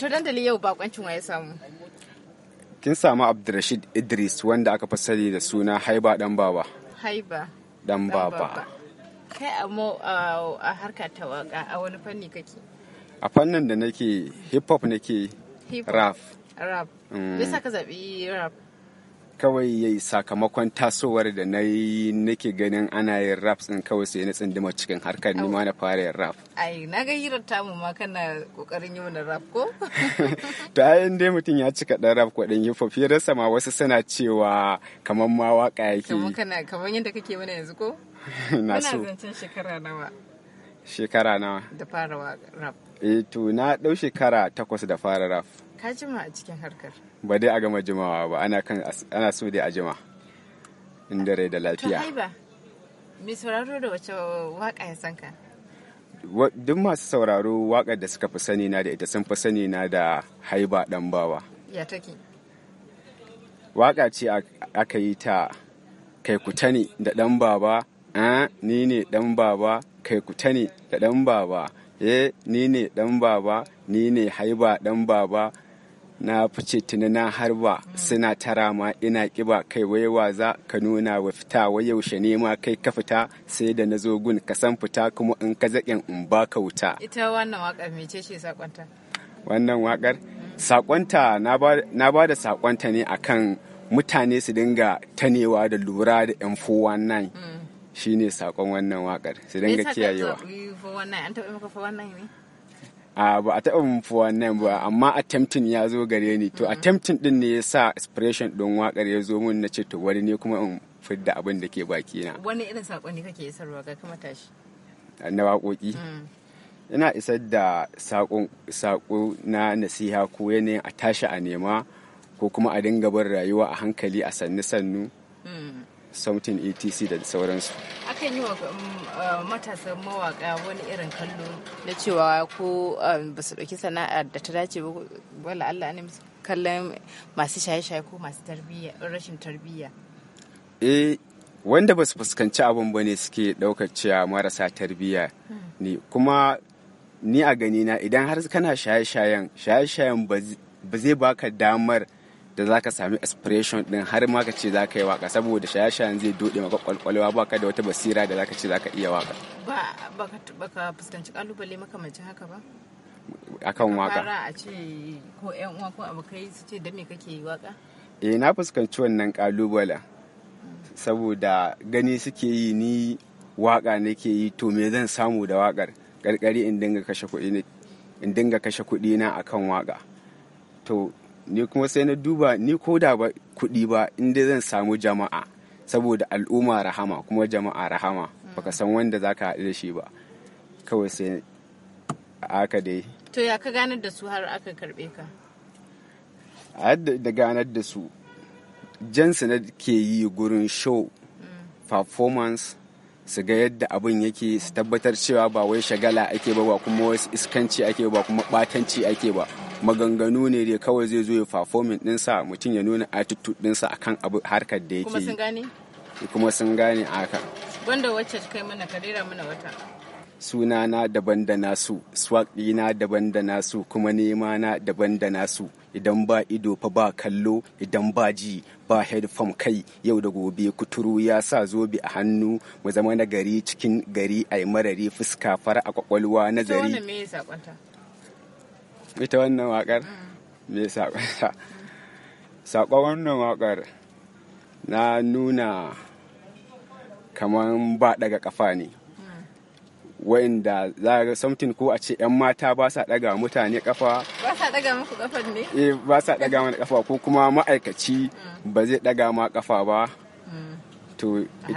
To dandali yau bakoncin wa ya samu. Kin samu Abdulrashid Idris wanda aka fasari da suna Haiba dan Baba. Haiba. Dan Baba. Kai amma a harka ta waka a wani fanni kake? A fannin da nake hip hop nake rap. Rap. Mm. Me ka zabi rap? kawai ya yi sakamakon tasowar da na yi nake ganin ana yin rap din kawai sai na tsindima cikin harkar ni ma na fara yin rap. Ai, na ga hirar tamu ma kana kokarin yi wani rap ko? Ta yin dai mutum ya cika dan rap ko dan hip hop rasa ma wasu suna cewa kamar ma waka yake. Kamar kana kamar yadda kake mana yanzu ko? Na so. Kana zancen shekara nawa? Shekara nawa? Da fara rap. Eh to na dau shekara takwas da fara rap. Ka jima a cikin harkar. Ba dai a gama jimawa ba ana kan ana so dai a jima. In dare da lafiya. To ba. Me sauraro da wace waka ya san ka? Duk masu sauraro waka da suka fi sani na da ita sun fi sani na da haiba dan bawa. Ya take. Waka ce aka yi ta kai kutani ne da dan baba, ah, ni ne dan baba, kai kutani ne da dan baba. eh ni ne dan baba ni ne haiba dan baba na fice tuni na harba suna tara ma ina kiba kai wai waza ka nuna wa fita wa yaushe ne ma kai ka fita sai da na zo gun ka san fita kuma in ka zaƙin in ba ka wuta. Ita wannan waƙar mece ce saƙonta. Wannan waƙar? saƙonta na ba da saƙonta ne akan mutane su dinga tanewa da lura da 'yan 419. Mm. Shi ne saƙon wannan waƙar su dinga kiyayewa. Me yasa ka 419 an taɓa maka 419 ne? a ba a taɓa mun wannan ba amma attempting ya zo gare ni to mm-hmm. attempting din ne ya sa expression ɗin wakar ya zo mun na ce to wani ne kuma in fidda abin da ke baki na wani irin saƙon ne kake isarwa ga kuma tashi na waƙoƙi mm. ina isar da saƙo na nasiha ko yanayin a tashi a nema ko kuma a dinga bin rayuwa a hankali a sannu sannu mm. sautin etc da sauransu akan yi wa um, matasan mawaka wani irin kallo na cewa ko um, ba su ɗauki sana'ar da ta dace ba wala Allah ne kallon masu shaye-shaye ko masu tarbiyya rashin tarbiyya eh wanda ba su fuskanci abin ba ne suke ɗaukar cewa marasa tarbiyya hmm. ne kuma ni a ganina idan har kana shaye-shayen shaye-shayen ba zai baka damar da za ka sami expression din har ma ka ce za ka yi waka saboda shaya shayen zai dode maka kwalkwalwa ba ka da wata basira da za ka ce za ka iya waka. Ba ka fuskanci kalubale makamancin haka ba? Akan waka. Fara a ce ko yan uwa ko abokai su ce da me kake yi waka? Eh na fuskanci wannan kalubalen. Saboda gani suke yi ni waka nake yi to me zan samu da wakar karkari in dinga kashe kuɗi na akan waka. To ni kuma sai na duba ni ko da ba kuɗi ba inda zan samu jama'a saboda al'umma rahama kuma jama'a rahama baka san wanda za ka haɗu da shi ba kawai sai aka dai to ya ka ganar da su har aka karɓe ka a yadda da ganar da su jansu na ke yi gurin show performance su ga yadda abin yake su tabbatar cewa ba wai shagala ake ba ba kuma wasu iskanci ake ba kuma batanci ake ba maganganu ne dai kawai zai zo ya performing ɗinsa mutum ya nuna attitude dinsa akan abu harkar da yake kuma sun gane kuma sun gane haka banda wacce kai mana karera mana wata suna na daban da nasu swag ɗina daban da nasu kuma nema na daban da nasu idan ba ido fa ba kallo idan ba ji ba headphone kai yau da gobe kuturu ya sa zobe a hannu mu zama na gari cikin gari ai marari fuska fara a kwakwalwa nazari ita wannan wakar me saƙonsa saƙon wannan wakar na nuna kamar ba daga kafa ne wa'inda za ga something ko a ce 'yan mata ba sa daga mutane kafa ba sa daga muku kafan ne eh ba sa daga mana kafa ko kuma ma'aikaci ba zai daga ma kafa ba to a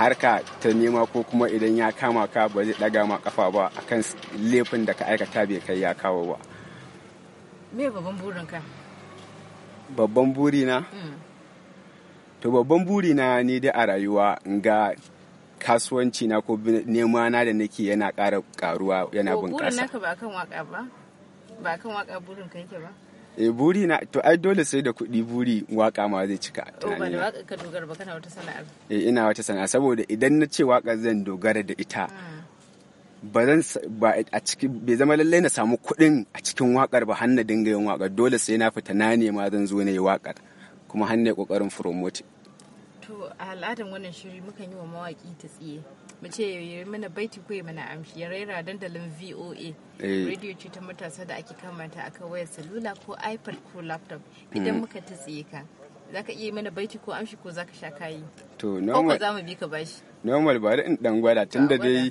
harka ta nema ko kuma idan ya kama ka ba zai daga ma kafa ba akan laifin da ka aikata bai kai ya kawo ba me babban burin ka babban buri na mm. to babban buri na ni dai a rayuwa ga kasuwanci na ko nema na da nake yana ƙara karuwa yana bunƙasa burin naka ba kan waka ba ba kan waka burin ka yake ba e buri na to ai dole sai da kuɗi buri waka ma zai cika tunani ba waka ka dogara ba kana wata sana'a eh ina wata sana'a saboda idan na ce waka zan dogara da ita hmm. ba zan ba a cikin bai zama lallai na samu kuɗin a cikin wakar ba har na dinga yin wakar dole sai na fita na ma zan zo na yi wakar kuma har ya kokarin promoting to a al'adar wannan shiri mukan yi wa mawaƙi ta tsiye mu ce ya mana baiti ko mana amshi ya raira dandalin VOA eh. radio ce ta matasa da ake kamata a kan wayar salula ko iPad ko laptop hmm. idan muka ta tsiye ka za ka iya mana baiti ko amshi ko za ka sha kayi to normal za mu bi ka bashi normal bari in dan gwada tun da dai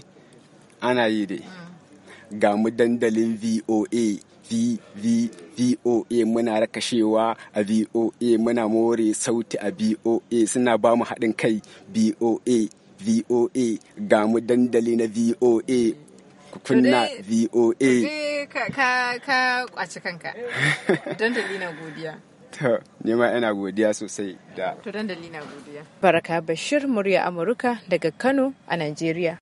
ana yi dai hmm. ga mu dandalin VOA VOA muna rakashewa a VOA muna more sauti a VOA suna ba mu haɗin kai VOA VOA ga mu dandali na VOA kunna VOA. Ka kwaci kanka. Dandali na godiya. To, nema yana godiya sosai da. To dandali na godiya. Baraka Bashir, murya Amurka daga Kano a Najeriya.